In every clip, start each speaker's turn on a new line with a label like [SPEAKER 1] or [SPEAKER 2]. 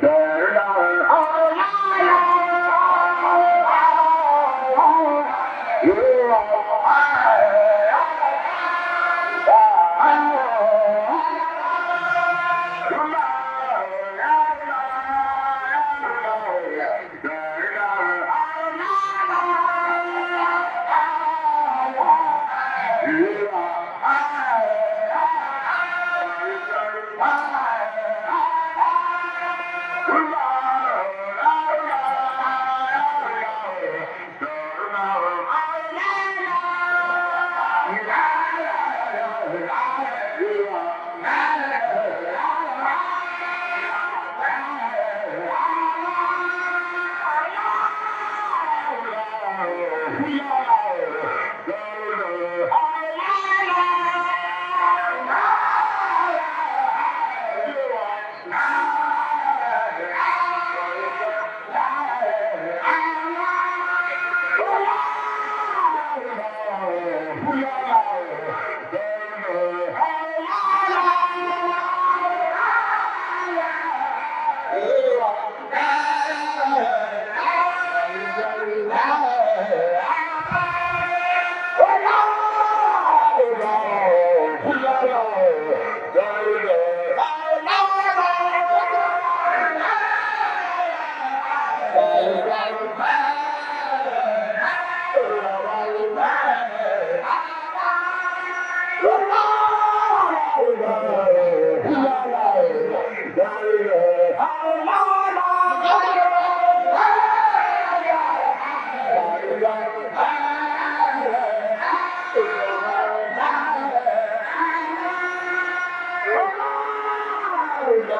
[SPEAKER 1] There are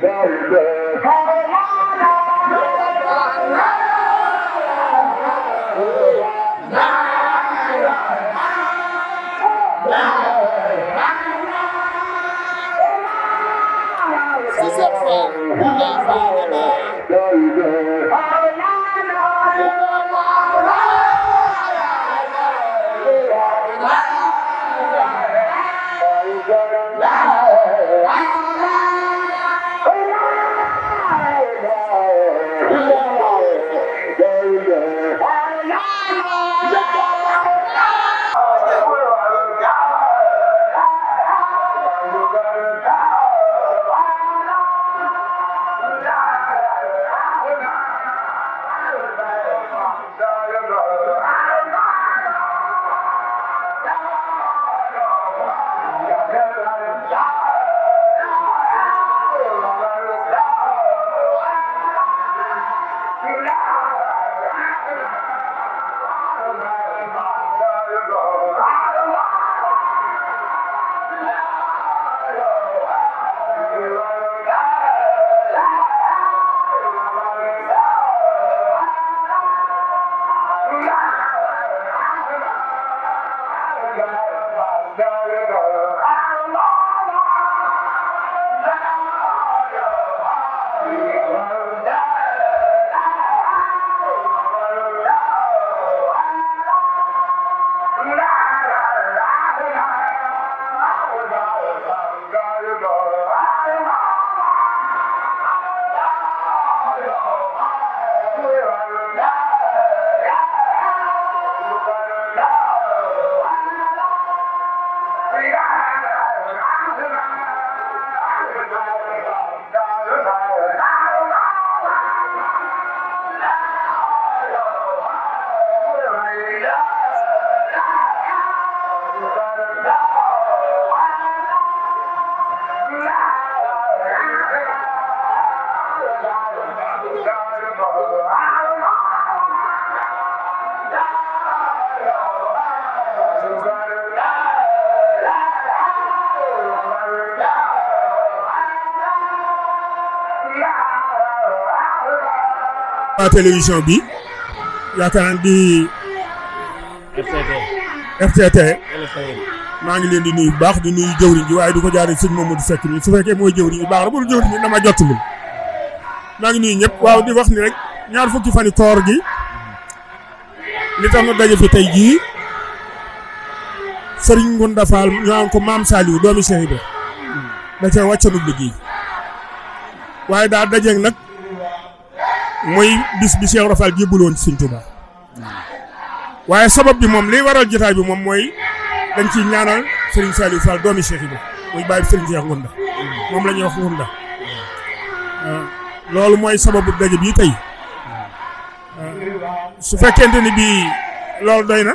[SPEAKER 1] Wow.
[SPEAKER 2] waa télévision bi yaakaar di. RTT. maa ngi leen di nuy baax di nuyu jëwriñ ji waaye du ko jaaree sëñ Mamadou Seck mi su fekkee mooy jëwriñ bu baax la bu dul jëwriñ bi dama jotul. maa ngi nuyu ñëpp waaw di wax ni rek ñaar fukki fani koor gi li tax daje fi tey jii Serigne Ngounda Fall ñu am ko maam Saliou doomi Cheikh Ibra da cee wàccanub liggéey waaye daa dajeeg nag. mooy bis bi Cheikh Rafal jébbaloon ci Sëñ waaye sabab bi moom liy waral jotaay bi moom mooy dañ ciy ñaanal Serigne Saliou Fall doomi Cheikh Ibra muy bàyyi Serigne Cheikh Ngunda moom la ñuy wax Ngunda euh, loolu mooy sababu daje bii tey euh, su fekkente ni bii loolu doy na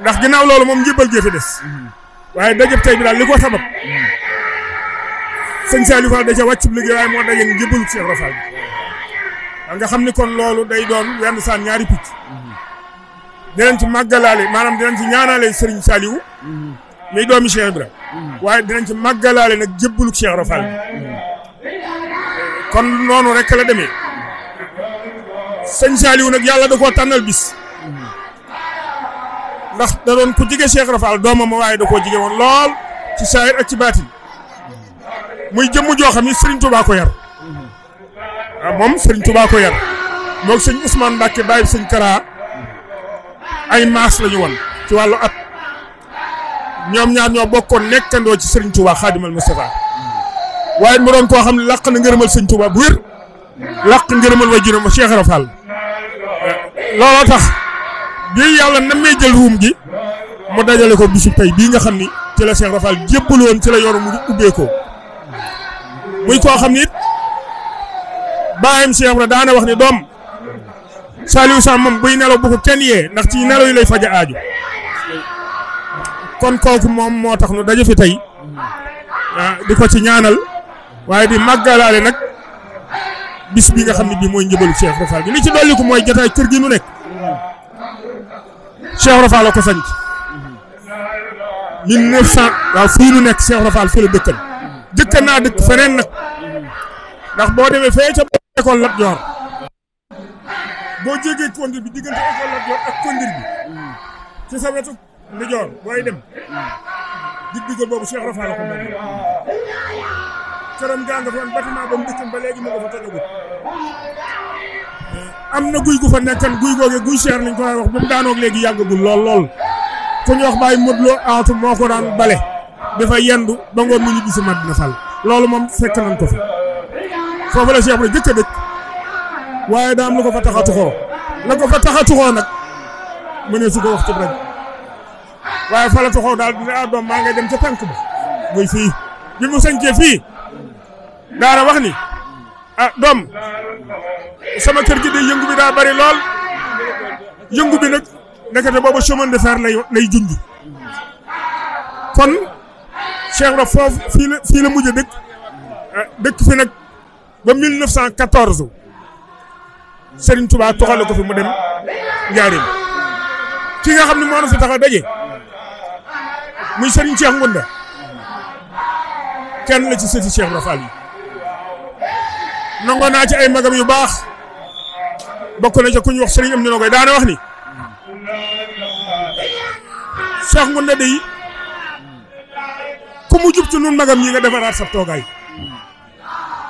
[SPEAKER 2] ndax ginnaaw loolu moom njëbbal jëfe des waaye daje tey bi daal li ko sabab sëñ Saliou Fall da ca wàcc liggéey waaye moo daje njëbbalu Cheikh Ibra Fall bi nga xam ni kon loolu day doon wenn saan ñaari picc mhm. dinañ ci màggalaale maanaam dinañ ci ñaanaale sëriñ Saliou muy mhm. doomi Cheikh mhm. màggalaale nag jëbbalu Cheikh Ibra Fall kon noonu rek la demee sëñ Saliou nag yàlla da koo tànnal bis ndax da doon ku jige Cheikh doomam waaye da koo jige woon lool ci saayir ak baatin muy jëmm joo xam ni Serigne Touba ko yar ah, moom Serigne Touba yar moog sëñ Ousmane Mbacke bàyyi sëñ Kara ay maas la ñu woon ci wàllu at ñoom ñaar ñoo bokkoon nekkandoo ci Serigne Touba Xaadimal Moustapha waaye mu doon koo xam ne làq na ngërëmal sëñ Touba bu wér làq ngërëmal way juróom Cheikh Rafal eh, looloo tax bii yàlla namee jël ruum gi mu dajale ko bisu tey bii nga xam ni ci la Cheikh Rafal jébbal woon ci la yoru mu muy koo xam ni it baayam Cheikh Ibra daana wax ni doom Saliou Samb moom buy nelaw bu ko kenn yee ndax ci nelaw yi lay faj a aaju kon kooku moom moo tax nu daje fi tey ah, di ko ci ñaanal waaye di màggalaale nag bis bi nga xam ne bii mooy njëbalu Cheikh Ibra Fall bi li ci dolliku mooy jotaay kër gi nu nekk Cheikh Ibra Fall la ko sanc 1900 waaw fii nu nekk Cheikh Ibra Fall fii la dëkkal jëkka naa dëkk feneen nag ndax boo demee fee ca école Lat Joor boo jégee kondir bi diggante école Lat Joor ak kondir bi ci sa wetu ndi booy dem dig digal boobu Cheikh Rafa la ko mel këram gaa am ba mu dëkkan ba mu nga fa tëjagut eh, am na guy gu fa nekkan guy googe guy cher lañ ko wax ba mu daanoog léegi yàggagul lool lool ku ñu wax bàyyi Modou Lo aatu moo ko daan bale dafa yendu ba ngoon mu ñibbi si Madina Fall loolu moom fekk nañ ko fi foofu la Cheikh Ibra jëkk a dëkk waaye daa am lu ko fa tax a tuxoo la ko fa tax nag mu ne su ko wax ci rajo waaye fa la daal dina ah, doom maa ngay dem ca tànk ba muy fii bi mu sañcee fii daara wax ni ah doom
[SPEAKER 1] sama kër gi de yëngu bi daa bari lool
[SPEAKER 2] yëngu bi nag nekkate boobu chemin de fer lay lay junj kon Cheikh Ibrahima foofu fii la fii la mujj dëkk eh, dëkk fi nag ba 1914 Serigne Touba toxale ko fi mu dem Njaaréem ki nga xam ni moo na fi tax a daje muy Serigne Cheikh Ngounda kenn la ci sëti Cheikh Ibrahima Fall yi naa ci ay magam yu baax bokk na ca ku ñu wax Serigne am na koy daana wax ni Cheikh Ngounda de ku mu jub ci nun magam ñi nga defaraat sa toogaay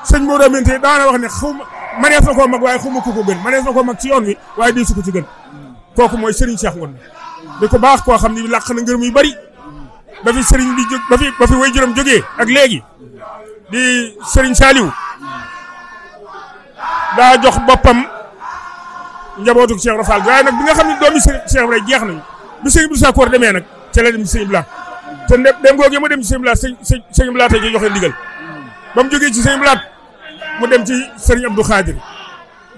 [SPEAKER 2] sëñ Modou Aminté daana wax ne xaw ma manees na koo mag waaye xaw ma ko gën manees na koo mag ci yoon wi waaye di su ko ci gën kooku mooy Serigne Cheikh Ngounda di ko baax koo xam ne làq na ngërëm yu bari ba fi Serigne di jóg ba fi ba fi way juróom jógee ak léegi di Serigne Saliou daa jox boppam njabootu Cheikh Rafal waaye nag bi nga xam ne doomi Cheikh jeex nañu bi sëñ bi Sakor demee nag ca la dem sëñ te lépp dem googu mu dem ci sëñ Blaat sëñ sëñ Blaat ji joxe ndigal ba mu jógee ci sëñ Blaat mu dem ci sëriñ Abdou Khadir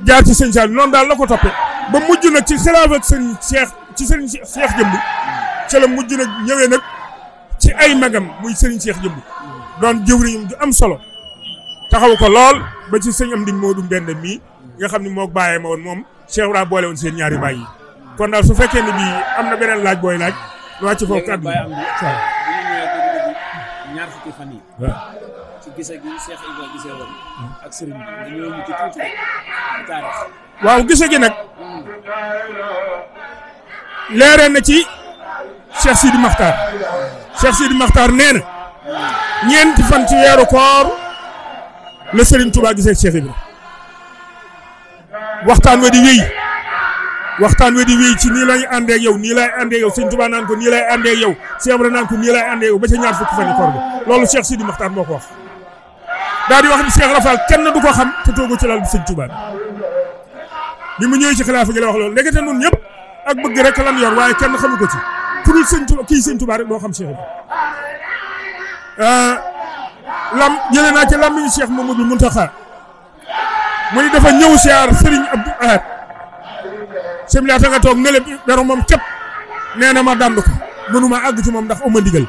[SPEAKER 2] jaar ci sëñ Saliou noonu daal la ko toppee ba mujj nag ci xilaafa ak sëriñ seex ci sëriñ Cheikh Jëmb ci la mujj nag ñëwee nag ci ay magam muy sëriñ seex Jëmb doon jëwriñam ju am solo taxaw ko lool ba ci sëñ am di Modou Mbende mii nga xam ni moo bàyyee ma woon moom Cheikh Ibrahima boole woon seen ñaari baay yi kon daal su fekkee ne bii am na beneen laaj booy laaj. wàcc foofu kàddu fukki gi Cheikh Ibrahima gisee woon ak sëriñ bi nga ñëw ñu ci tuuti waaw gise gi nag leeree na ci Cheikh Sidi Makhtar Cheikh Sidi Makhtar nee na ñeenti fan ci weeru koor la sëriñ Touba gisee Cheikh Ibrahima waxtaan wa di wéy waxtaan wi di wéy ci nii lañu àndee ak yow nii laay àndee yow sëñ Tuubaa naan ko nii laay àndee yow ko nii laay àndee yow ba ca ñaar fukki fan yi koor bi loolu Cheikh Sidi Mokhtar moo ko wax daal di wax ni Cheikh kenn du ko xam te toogu ci lal bi sëñ Tuubaa bi mu ñëwee ci xilaafa gi la wax loolu léegi ñëpp ak bëgg lan yor waaye kenn xamu ko ci ku dul kii sëñ Tuubaa rek moo xam Cheikh Ibra ah, lam jëlee naa ci lammiñu Cheikh Mamadou Muntaxa mu ni dafa ñëw siyaar Sëriñ Abdou sëñ laata nga toog nële beru moom cëpp nee na ma dànd ko mënuma àgg moom ndax am ndigal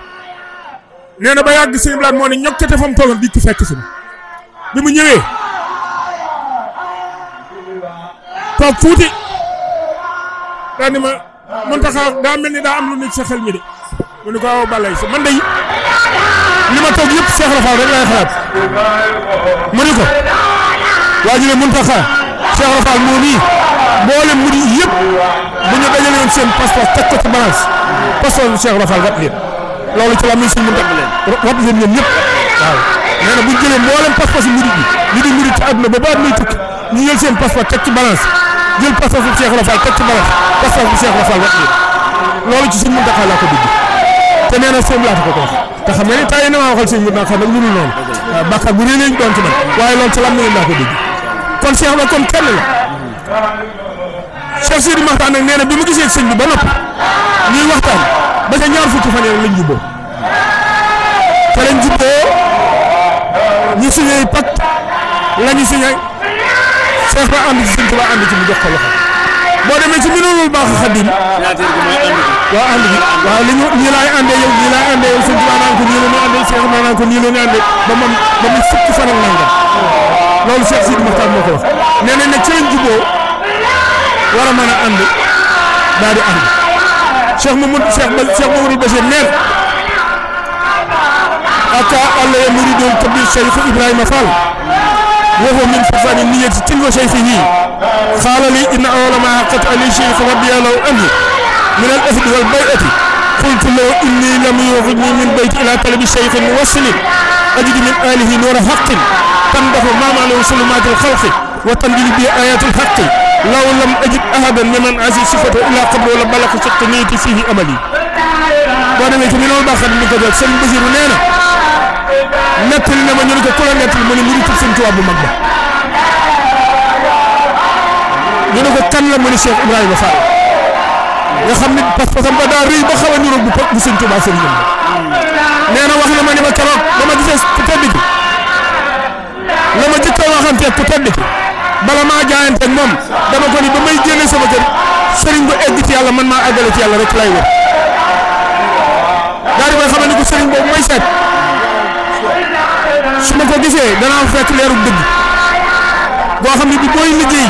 [SPEAKER 2] nee na ba yàgg sëñ laat moo ne ñokkate fa mu toogoon di ci fekk si bi mu ñëwee toog tuuti daal ni ma
[SPEAKER 1] Muntaxa daa mel ni
[SPEAKER 2] daa am lu nit sa xel mi de mu ne ko balay si man de li ma toog yëpp Cheikh Rafaal rek laay xalaat mu ne ko waa ji ne Muntaxa Cheikh Ibra Fall moom yi mboolem mu di yëpp bu ñu dajale woon seen passeport teg ko ci balance passeport bi Cheikh Ibra Fall wat leen loolu ci la muy suñu ndam leen te nee na seen laata ko ko te xam nga ni tay ko dugg kon Cheikh Ibra kon kenn la Cheikh Sidi Maxtaan nag nee na bi mu gisee sëñ bi ba noppi ñuy waxtaan ba ca ñaar fukki fan lañ jubboo te lañ jubboo ñu suñuy pacte la ñu suñuy Cheikh Ibra ànd ci sëñ Tuubaa ànd mu jox ko loxo boo demee ci minul baax xadim waaw ànd bi waaw li ñu ñii laay àndee yow ñii laay àndee yow sëñ Tuubaa naan ko nii la nii la ba moom ba mu fukki fan ak nangam loolu Cheikh Sidi Mokhtar moo ko wax nee nañ ne ci lañ juboo war a mën a ànd daal di ànd Cheikh Mamadou Cheikh ba Cheikh Mamadou Bachir neen ata alla ya muridun tabir Cheikh Ibrahima Fall وهو من فقدان النية تلو شيخه قال لي إن أول ما عقدت علي شيخ ربي لو أني من الأثل والبيئة قلت لو إني لم يغني من بيت إلى طلب شيخ موصل أجد من آله نور حق تنبه ما معنى سلمات الخلق وتنجلي بآيات الحق لو لم أجد أحدا ممن عزي صفته إلى قبل ولا بلغ شق نيتي فيه أملي boo demee ci mënoo baaxal ni ko doon sëñ Basiru nee na nettali na ma ñu ne ko ku la nettali mu ne mu ngi tudd sëñ Tuubaa bu mag ba ñu ne ko kan la mu ne Cheikh Ibrahima Fall nga xam ne parce que ba daa rëy ba xaw a niroog bu bu sëñ Tuubaa sëriñam
[SPEAKER 1] nee na wax na ma ne ma keroog ba ma
[SPEAKER 2] gisee tedd gi la ma jëkk a waxanteeg ku tedd bala maa jaayanteeg moom dama ko ni ba may génne sama kër sëriñ bu egg ci yàlla man maa eggale ci ko sëriñ boobu may seet su ma ko gisee danaa fekk leeru dëgg boo xam ne bi booy liggéey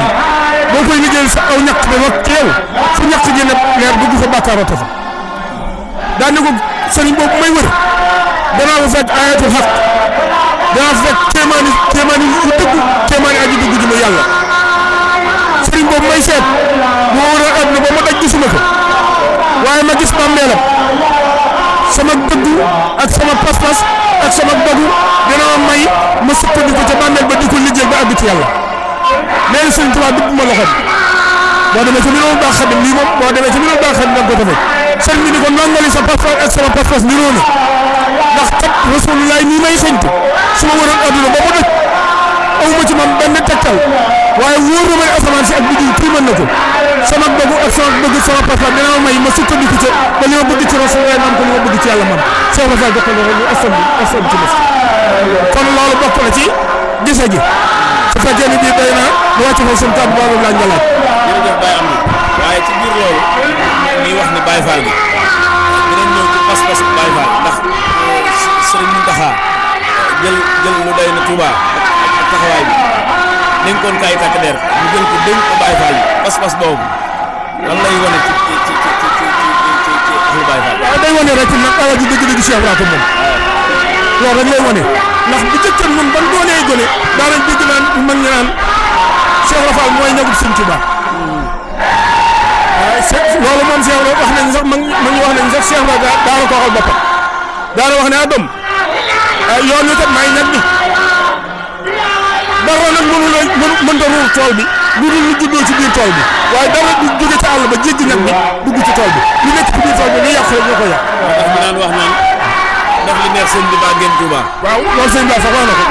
[SPEAKER 2] boo koy liggéeyal sa aw ñàkk dafa teew fu ñàkk ji ne leer dugg fa bàkkaaroo tafa daan ne ko sëriñ boobu may wër. danaa fa fekk ayatul xaq danaa fa fekk kéemaani kéemaani yu dëgg kéemaani aji dëgg ji mu yàlla sëriñ boobu may seet bu ma wëral àdduna ba ma daj gisuma ko waaye ma gis bàmmeelam sama dëgg ak sama pas-pas ak ma may ma sukkandiku ca bàmmeel ba di ko liggéey ba àgg ci yàlla nee na sëriñ Tuubaa dugg ma loxoom boo demee ca mbirum baax xadim boo demee ko defee sëriñ bi ni ko nangali sa pas-pas ak sama pas ndax kat rasulullah nii may xëñtu su ma waroon adduna ba mu dëkk aw ma ci man benn tegtal waaye wóor na may asamaan si ak biddi tiimal na ko sama bëggu ak sama bëgg sama papa dina ma may ma sukkandiku ca ba li ma bëgg ci rasulullah man ko li ma bëgg ci ne rek asam asam kon loolu bokk na ci gise gi su fekkee bii doy na mu wàcc fa suñu kàddu boobu laaj nga laaj. jërëjëf wax ne Baye Fall ndax. Serigne Mountakha jël jël lu day na Touba ak taxawaay bi dénkoon kaay takk der mu jël ko dénk ko Baye Fall pas-pas boobu
[SPEAKER 1] lan lay wax nañ sax mag wax nañ sax daana wax ne ah yoon wi kat may ñag bi
[SPEAKER 2] dara nag mënu la mënta ruur tool bi lu dul lu juddoo ci biir tool bi waaye dara du jóge ci àll ba jéggi ñag bi dugg ci tool bi lu nekk ci biir tool bi lu yàq rek ñoo ko yàq. ndax mi naan wax naan ndax li neex sëñ bi baa ngeen Touba. waaw loolu sëñ bi sax wax na ko.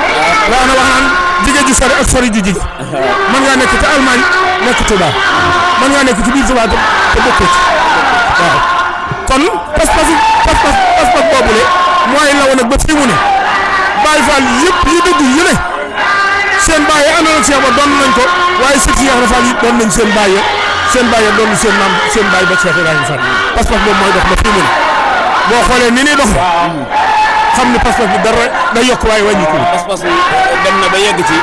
[SPEAKER 2] waaw ana wax naan jige ju sori ak sori ju jige. mën ngaa nekk ci Allemagne nekk Touba mën ngaa nekk ci biir Touba te te bokkoo ci waaw kon pas-pas pas-pas boobu le mooy law nag ba fi mu ne. Baye Fall yëpp yi dëgg yu seen baay yi àndoon ak Cheikh ba doon nañ waaye sët yi Cheikh Fall yi doon seen baay seen baay seen seen baay ba Cheikh Ibrahima Fall parce que moom mooy dox ba fi mu ne boo xoolee ni ñuy dox xam ne parce bi dara day yokk waaye wàññi ko. parce que dem na ba yegg ci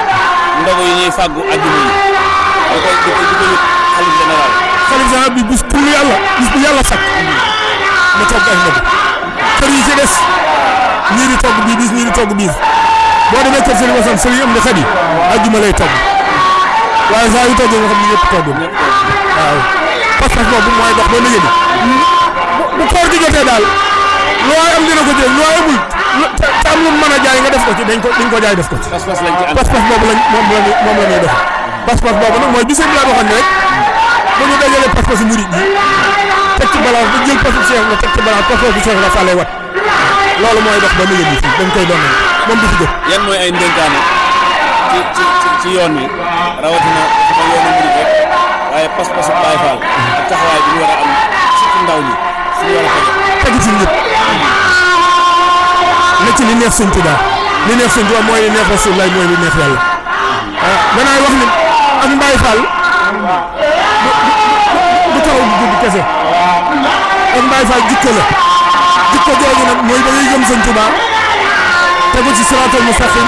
[SPEAKER 2] ndogu yi ñuy fàggu àjjuma yi da koy da koy dugal xalif général. xalif général bi bis pour yàlla bis bu yàlla sakk. ma mm-hmm. toog ay ndogu kër yi ci des. ñii di togg bii bis ñii di togg biis boo demee kër Serigne Wassane Serigne am na xadi ajjuma lay togg waaye saa yu toggee nga xam ne ñëpp toggul waaw pas-pas boobu mooy dox ba liggéey bi bu koor gi jotee daal loo am dina ko jël loo amul te am lu mën a jaay nga def ko ci dañ ko dañ ko jaay def ko ci. pas-pas lañ ci am pas-pas boobu lañ moom la ñuy moom la ñuy def pas-pas boobu nag mooy bisam laa waxoon ne rek bu ñu dajalee pas-pasu murid yi teg ci balance ba jël pas-pasu Cheikh nga teg ci balance pas-pasu Cheikh la fàllee wat loolu mooy dox ba mu yëngu dañ koy doon moom du fi jóg. yan mooy ay ndénkaane ci ci ci yoon wi rawatina sama yoonu murid rek waaye pas a am ah, wax ni ak Baay Faal du du du taxaw du kese ak Baay Faal jikko la. jikko jooju nag mooy dañuy gëm sëñ Touba tegu ci siraatal mustaqim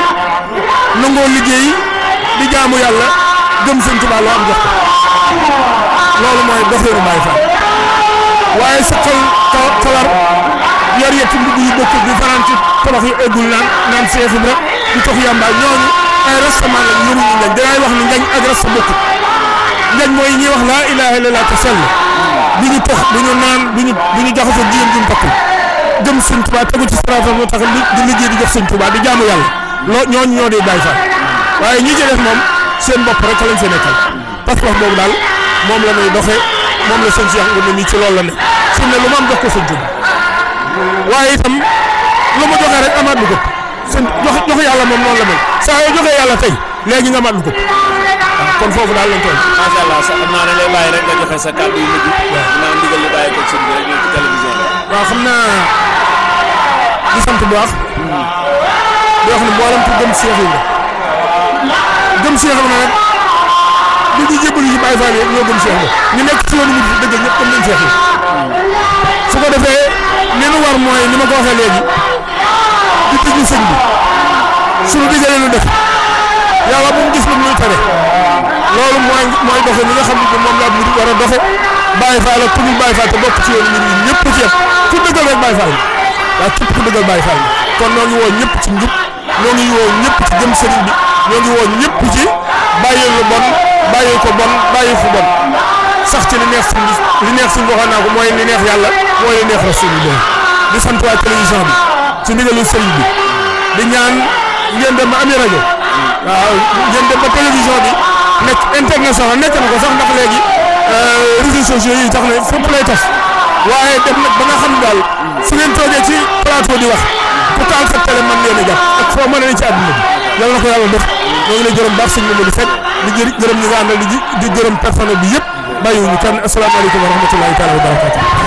[SPEAKER 2] nangoo liggéey di jaamu yàlla gëm sëñ Touba loo am jox ko loolu mooy doxeenu Baay Faal waaye saqal kalar yor yetti mbubb yu bokkut di fanaan ci tolox yi eggul naan naan Seex Ibra di tox yàmba ñooñu ay rastaman lañ yëruñu ngañ dinaay wax ni ngañ ak rasta bokkut ngañ mooy ñi wax laa ilaaha illallaah te sell du ñu tox du ñu naan du ñu du ñu jaxasoo jigéen ju gëm sëñ Tuubaa tegu ci saraatam moo tax di liggéey di jox sëñ Tuubaa di jaamu yàlla loo ñooñu ñoo di Baay Faal waaye ñi ci def moom seen bopp rek lañ fa nekkal pas-pas boobu daal moom la ñuy doxee moom la sëñ Cheikh Ngounda mi ci loolu la ne suñ ne lu ma am jox ko sëñ Tuubaa waaye itam lu ma joxee rek amaat lu gëpp sëñ jox jox yàlla moom noonu la mel saa yoo joxee yàlla tey léegi nga amaat lu gëpp waaw sa kàddu waaw xam naa di sant bu baax. di wax ne mboolem ku gëm Cheikh Ibra gëm Cheikh Ibra nag li ñu jébbalu ci Baye Fall ñoo gëm Cheikh Ibra ñu nekk ci yoonu murid dëgg ñëpp gëm nañ Cheikh Ibra
[SPEAKER 1] su ko defee li nu war mooy ni ma ko waxee
[SPEAKER 2] def yàlla bu mu gis lu muy tere loolu mooy mooy doxe li nga xam ne moom laa mu war a doxe Baye Fall ak ku ñu Baye Fall te bokk ci yoonu murid ñëpp ci yëpp ku dëggal rek Baye Fall waaw képp ku dëggal Baye Fall kon ñoo ngi woo ñëpp ci njub ñoo ngi woo ñëpp ci jëm sëriñ bi ñoo ngi woo ñëpp ci bàyyi bon bàyyi ko bon bàyyi fu bon sax ci li neex suñ li neex suñ waxoon naa ko mooy li neex yàlla mooy li neex rasul bi di sant waa télévision bi ci ndigalu sëriñ bi di ñaan ngeen dem ba amee rajo waaw ngeen dem ba télévision bi nekk international nekk na ko sax ndax léegi euh, réseaux sociaux yi tax na fépp lay waaye def nag ba nga xam daal su ngeen toogee ci plateau wax ku taal sa télé man leen a jàpp ak foo mën a ne ci àdduna bi yàlla na ko yàlla def ñoo ngi lay gërëm baax sëñ Mamadou Seck
[SPEAKER 1] di gërëm ñu nga àndal di gërëm personnel bi yëpp bàyyiwuñu kenn asalaamaaleykum wa rahmatulahi taala wa barakatu